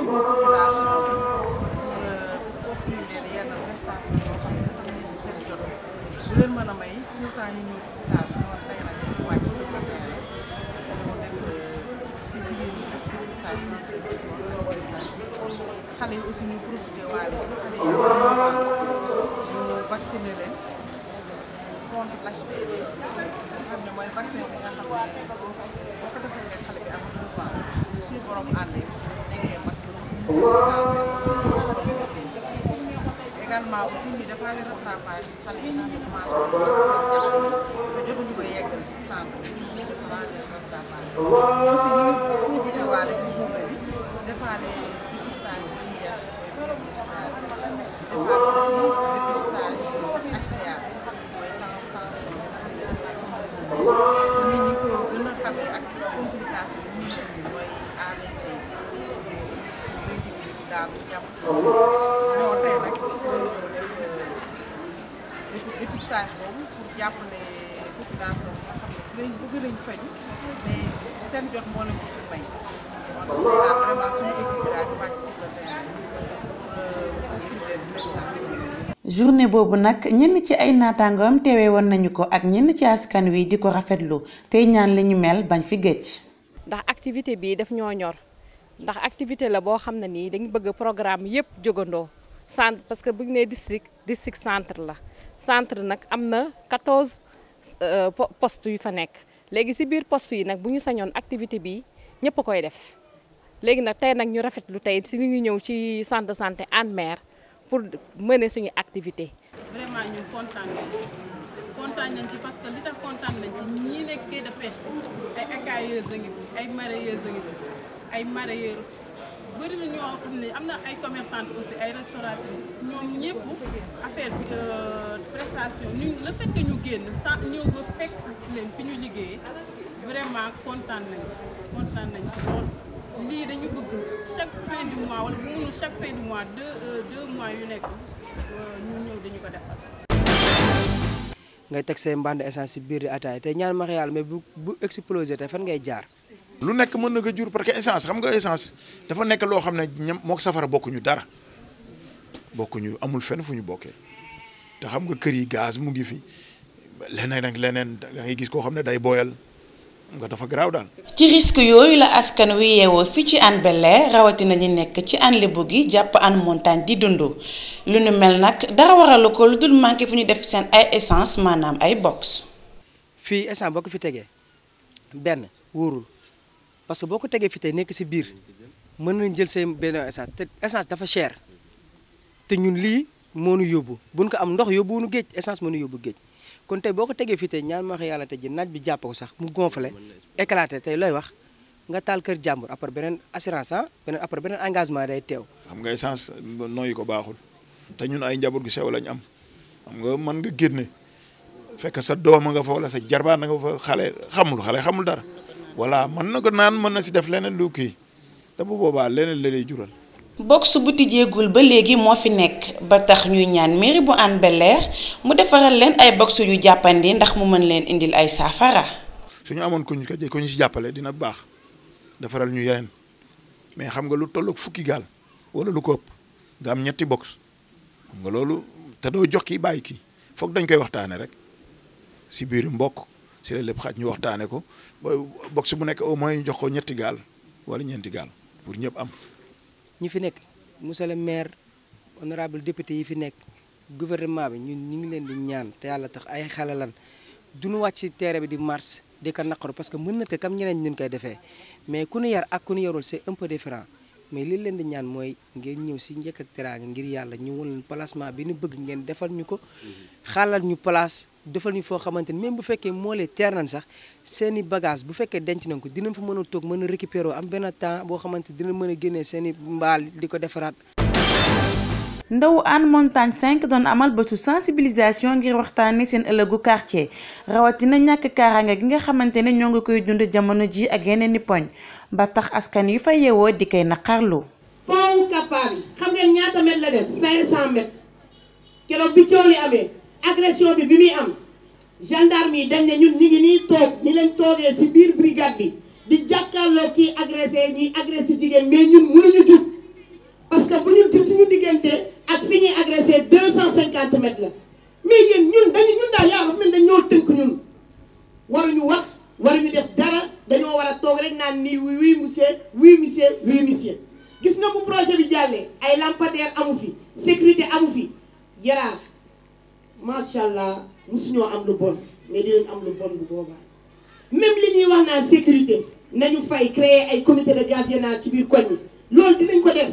ci biir population bi pour offrir leen yenn prestation yoo xam ne xam ne ni seen jot bu leen mën a may tout le temps ñu ñëw si taal bi ñoom tey nag dañuy wàcc sur le terrain pour def si euh, jigéen ñi def dépistage cancer du col ak dépistage xale yi aussi ñu profité waale si xale yi ñu vacciné leen contre l'HPV nga xam ne mooy vaccin bi nga xam ne boo ko defee xale bi am na lu baax suñu borom ànd également aussi ñu defal rattrapage xale yi nga xam ne commencé jotuñu ko yeggal ci centre bi ñu defal rattrapage aussi ñu ngi profité waale ci journée bi defal dépistage bi ñu yar koy dépistage defal aussi dépistage HTA mooy tension bi nga xam ne dafa sonal nit ñi ko gën a xamee ak daal euh, boobu euh, journée boobu nag ñenn ci ay naataangoom teewe woon nañu ko ak ñenn ci askan wi di ko rafetlu tey ñaan li mel bañ fi géej ndax activité bii daf ñoo ñor ndax activité la boo xam ne nii dañu bëgg programme yëpp jógandoo centre parce que bu ñu nee district district centre la centre nag am na 14 euh, postes yu fa nekk léegi si biir postes yi nag bu ñu sañoon activité bi ñëpp koy def léegi nag tey nag ñu rafetlu tey si li ñëw ci centre de santé Hann Mer pour mëne suñu activité. parce que li tax kontaan nañu ci ñii nekk quai de ay écailleuses ngi fi ay mareyeuses a ngi fi ay mareyeurs bëri na ñoo xam ne am na ay commerçantes aussi ay restauratrices ñoom ñëpp affaire bi euh, prestation ñu le fait ñu génn sa ñëw ba fekk leen fi ñu liggéeyee vraiment kontaan nañ ci lool lii dañu bëgg chaque fin du mois wala bu mënul chaque fin du mois deux euh, deux yu nekk euh, ñu ñëw dañu ko defal. ngay teg say mbànd essence si biir di ataay te ñaan ma mais bu bu explosé te fan ngay jaar. lu nekk mën na ko jur parce que essence xam nga essence dafa nekk loo xam ne ñam mook safara bokkuñu dara bokkuñu amul fenn fu ñu bokkee te xam nga kër yi gaz mu ngi fi leneen ak leneen da ngay gis koo xam ne day xam nga dafa garaaw daal. ci risque yooyu la askan wi yeewoo fii ci Hann bel rawatina ñi nekk ci Hann Lebu gi jàpp Hann Montagne di dund lu nu mel nag dara waralu ko lu dul manqué fu ñu def seen ay essence maanaam ay box. fii essence boo ko fi tegee benn wóorul. parce que boko tege fi tay nek ci bir meun nañ jël seen ben essence essence dafa cher te ñun li mo nu yobbu buñ ko am ndox ñu geej essence mo ñu yobbu geej kon tay boko tege fi tay ñaan ma wax yalla tay ji naaj bi japp ko sax mu gonflé éclaté tay loy wax nga tal kër jambour après benen assurance ah beneen après benen engagement day tew xam nga essence noy ko baxul te ñun ay jambour gu sew lañ am xam nga man nga genné fekk sa doom nga fo wala sa jarba nga fo xalé xamul xalé xamul dara wala man na ko naan mën na ci def leneen lu ki da bu boba leneen la lay jural. box bu tijjeegul ba legi mo fi nek ba tax ñuy ñaan mairie bu an belair mu defaral len ay su yu jappandi ndax mu man len indil ay safara suñu amon ko ñu ko ko ñu ci jappale dina bax defaral ñu yeneen mais xam nga lu tolloog fukki gal wala lu ko ëpp nga am ñetti box nga lolu te do jox ki bayki fokk dañ koy waxtane rek si biir mbokk. si la lépp xaaj ñu waxtaanee ko ba box bu nekk au moins ñu jox ko ñetti gaal wala ñeenti gaal pour ñëpp am. ñu fi nekk monsieur le maire honorable député yi fi nekk gouvernement bi ñun ñu ngi leen di ñaan te yàlla tax ay xale lan du ñu wàcc ci terrain bi di marche di ko naqaru parce que mën na ko kam ñeneen ñun koy defee mais ku ñu yar ak ku ñu yarul c'est un peu différent mais li leen di ñaan mooy ngeen ñëw si njëkk ak teraanga ngir yàlla ñu won leen bi nu bëgg ngeen defal ñu ko mhm. xaalal ñu place defal ñu foo xamante ni même bu fekkee moo lee sax seen i bagage bu fekkee denc nañ ko dinañ fa mën a toog mën a récupérer am benn temps boo xamante dina mën a génnee seeni mbaal di ko defaraat ndawu Hann Montagne 5 doon amal bëtu sensibilisation ngir waxtaane seen ëllëgu quartier rawatina ñàkk kaaraange gi nga xamante ne ñoo ngi koy dund jamono ji ak yeneen i poñ ba tax askan yu fa yeewoo di koy naqarlu. pont Kappa bi xam ngeen ñaata mètre la def 500 mètres keroog bi coow li amee agression bi bi muy am gendarme yi dañ ne ñun ñi ngi nii toog ni lañ toogee ci biir brigade bi di jàkkaarloo kii agressé ñuy agressé jigéen mais ñun mënuñu jug parce que bu suñu diggante. cinquante mètres la mais yéen ñun dañu ñun daal yaa ma fi mel dañ ñoo tënk ñun waruñu wax waruñu def dara dañoo war a toog rek naa nii oui monsieur oui monsieur oui monsieur gis nga bu projet di jàllee ay lampadaire amu fi sécurité amu fi yaraax macha allah musuñoo am lu bon mais dinañ am lu bon bu boobaa même li ñuy wax naa sécurité nañu fay créer ay comité de gardiennage ci biir koñ yi loolu dinañ ko def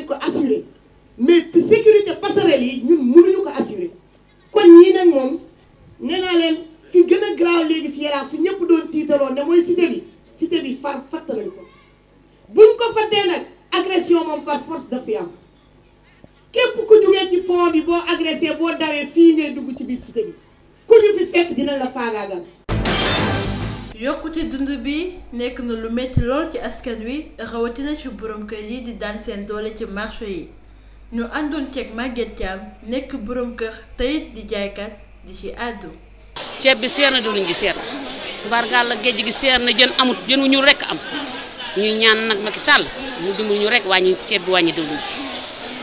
publicité bi ku ñu fi fekk dina dund bi nekk na lu metti lool ci askan wi rawatina ci boroom kër yi di daan seen doole ci marché yi ñu àndoon ceeg màgget Thiam nekk boroom kër teyit di jaaykat di ci àddu. ceeb bi seer na diwlin ji seer na mbargaal la géej gi seer na jën amut jën wu ñu rekk am ñuy ñaan nag Macky sàll mu dimbali ñu rekk wàññi ceeb bi wàññi diwlin ji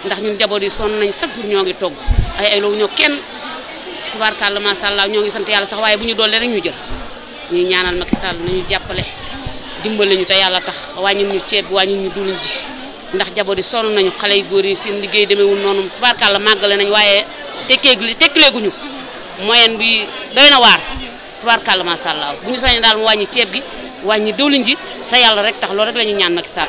ndax ñun jaboot yi sonn nañ chaque ñoo ngi togg ay ay ñoo kenn. tubaarkàlla ma allah ñoo ngi sant yàlla sax waaye bu ñu doole rek ñu jël ñuy ñaanal Macky Sall nañu jàppale dimbale ñu te yàlla tax wàññil ñu ceeb wàññil ñu dul ji ndax jabo di sonn nañu xale yu góor yi seen liggéey demeewul noonu tubaarkàlla màggale nañ waaye tekkeegu tekkileeguñu moyen bi doy na waar tubaarkàlla macha allah bu ñu sañoon daal mu ceeb gi wàññi diwlin ji te yàlla rek tax loolu rek la ñuy ñaan Macky Sall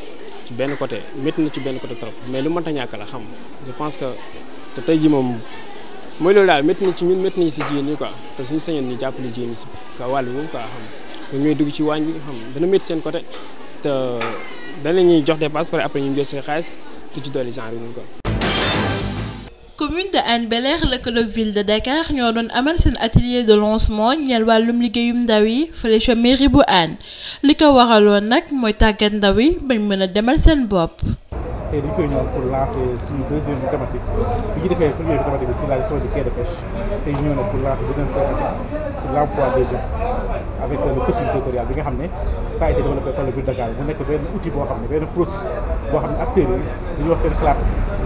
benn côté métti na ci benn côté trop mais lu mënta ñàkk la xam je pense que te tey jii moom mooy loolu daal métti na ci ñun métti nañu si jigéen ñi quoi te suñu sañoon ñu jàppale jigéen ñi si wàll bi moom quoi xam ñun ñooy dugg ci waañ bi xam dana métti seen côté te danañ ñuy jox de pare après ñu jël seen xaalis te ci dolli genre bi quoi. commune de Hann bel le lëkkaloog ville de Dakar ñoo doon amal seen atelier de lancement ñeel wàllum liggéeyum ndaw yi fële ca mairie bu Hann li ko waraloon nag mooy tàggat ndaw yi bañ mën a demal seen bopp. tey dañu koy ñëw pour lancer une deuxième thématique bi ñu defee première thématique bi c'est la gestion du quai de pêche tey ñëw na pour lancer deuxième thématique c'est l'emploi des jeunes avec euh, le coaching territorial bi nga xam ça a été développé par le ville de Dakar mu nekk benn outil boo xam ne benn processus boo xam ne acteurs yi wax seen xalaat.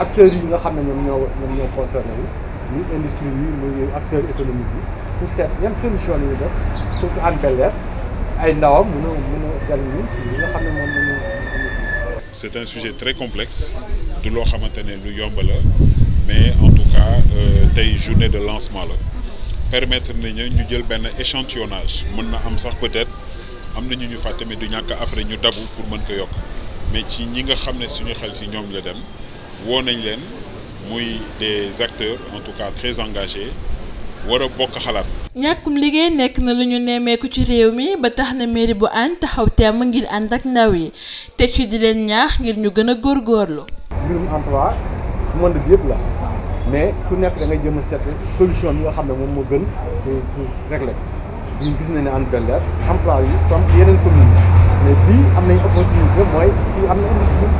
acteurs yi nga xam ne ñoom ñoo ñoom ñoo concerné wu muy industrie yi muy acteur économique yi pour seet ñam solution yi ñuy def pour que Hann ay ndawam mën a mën a jëriñu ci li nga xam ne moom la ñu. c'est un sujet très complexe du loo xamante ne lu yomb la mais en tout cas euh, tey euh, journée de lancement la permettre nañu ñu jël benn échantillonnage mën na am sax peut-être am na ñu ñu fàtte mais du ñàkk après ñu dabu pour mën ko yokk mais ci ñi nga xam ne suñu xel ci ñoom la dem woo nañ leen muy des acteurs en tout cas très engagés wara bok xalat xalaat. ñàkkum liggéey nekk na lu ñu nemmeeku ci réew mi ba tax na mairie bu an taxaw temm ngir ànd ak ndaw yi te ci di leen ñaax ngir ñu gën a góorgóorlu. mbirum emploi monde bi yëpp la mais ku nekk da ngay jëm a seet solution bi nga xam ne moom moo gën pour régler ñun gis nañ ne en Bel-Air emploi yi comme yeneen communes mais bii am nañ opportunité mooy fii am na industrie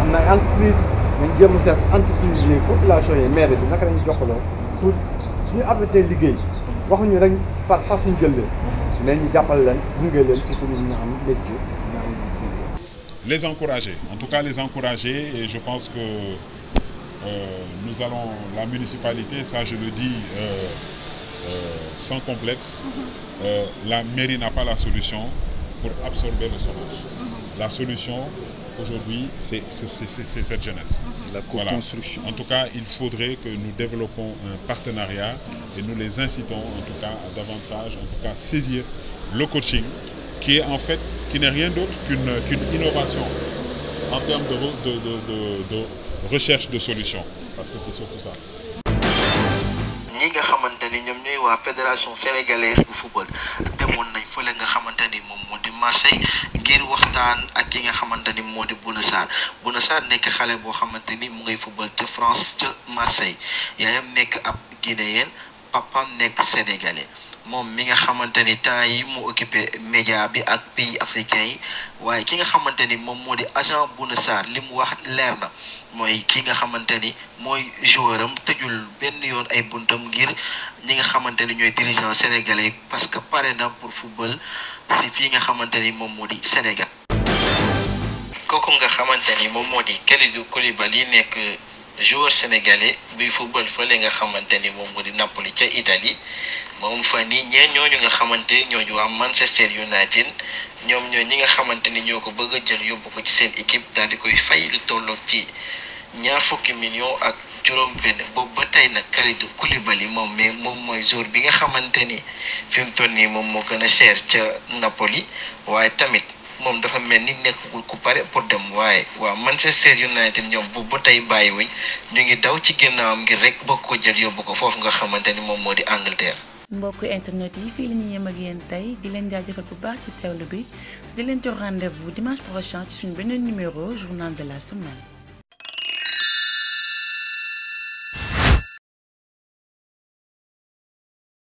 am na entreprise dañ jéem a seet entreprise yi les maires, maire bi naka lañ pour nous arrêté liggéey waxuñu rek par xas suñu mais ñu avons leen gunge leen ci ñu am métier les encourager en tout cas les encourager et je pense que euh, nous allons la municipalité ça je le dis euh, euh, sans complexe mm-hmm. euh, la mairie n'a pas la solution pour absorber le chômage mm-hmm. la solution aujourd'hui, c'est cette jeunesse. La construction. En tout cas, il faudrait que nous développons un partenariat et nous les incitons en tout cas à davantage, en tout cas saisir le coaching qui est en fait, qui n'est rien d'autre qu'une innovation en termes de, recherche de solutions. Parce que c'est surtout ça. fédération sénégalaise football Marseille ngir waxtaan ak ki nga xamante ni moo di Bouna Sarr Bouna Sarr nekk xale boo xamante ni mu ngay football ca France ca Marseille yaayam nekk ab Guinéen papam nekk sénégalais moom mi nga xamante ni temps yi mu occupé média bi ak pays africain yi waaye ki nga xamante ni moom moo di agent Bouna Sarr li mu wax leer na mooy ki nga xamante ni mooy joueur tëjul benn yoon ay buntam ngir ñi nga xamante ni ñooy dirigeant sénégalais parce que pare na pour football si fii nga xamante ni moom moo di Sénégal. kooku nga xamante moom moo di Kalidou Koulibaly nekk. joueur sénégalais bi football fële nga xamante ni moom moo di Napoli ca itali moom fa nii ñeen ñooñu nga xamante ñooñu waa Manchester United ñoom ñoo ñi nga xamante ni ñoo ko bëgg a jël yóbbu ko ci seen équipe daal di koy fay lu tolloog ci ñaar fukki million ak juróom benn boobu ba tey nag Kalidou Koulibaly moom mais moom mooy joueur bi nga xamante ni fi mu toll nii moom moo gën a cher ca Napoli waaye tamit mom dafa melni nekul ku paré pour dem waaye wa Manchester United ñom bu ba tey bàyyiwuñ ñu ngi daw ci ginnaawam ngir rek bako jël yóbbu ko foofu nga xamanteni mom modi Angleterre. mbokk internet yi fii la ñuy yem ak yéen tey di leen jaajëfal bu baax ci teewlu bi di leen jox rendez-vous dimanche prochain ci suñu beneen numéro journal de la semaine.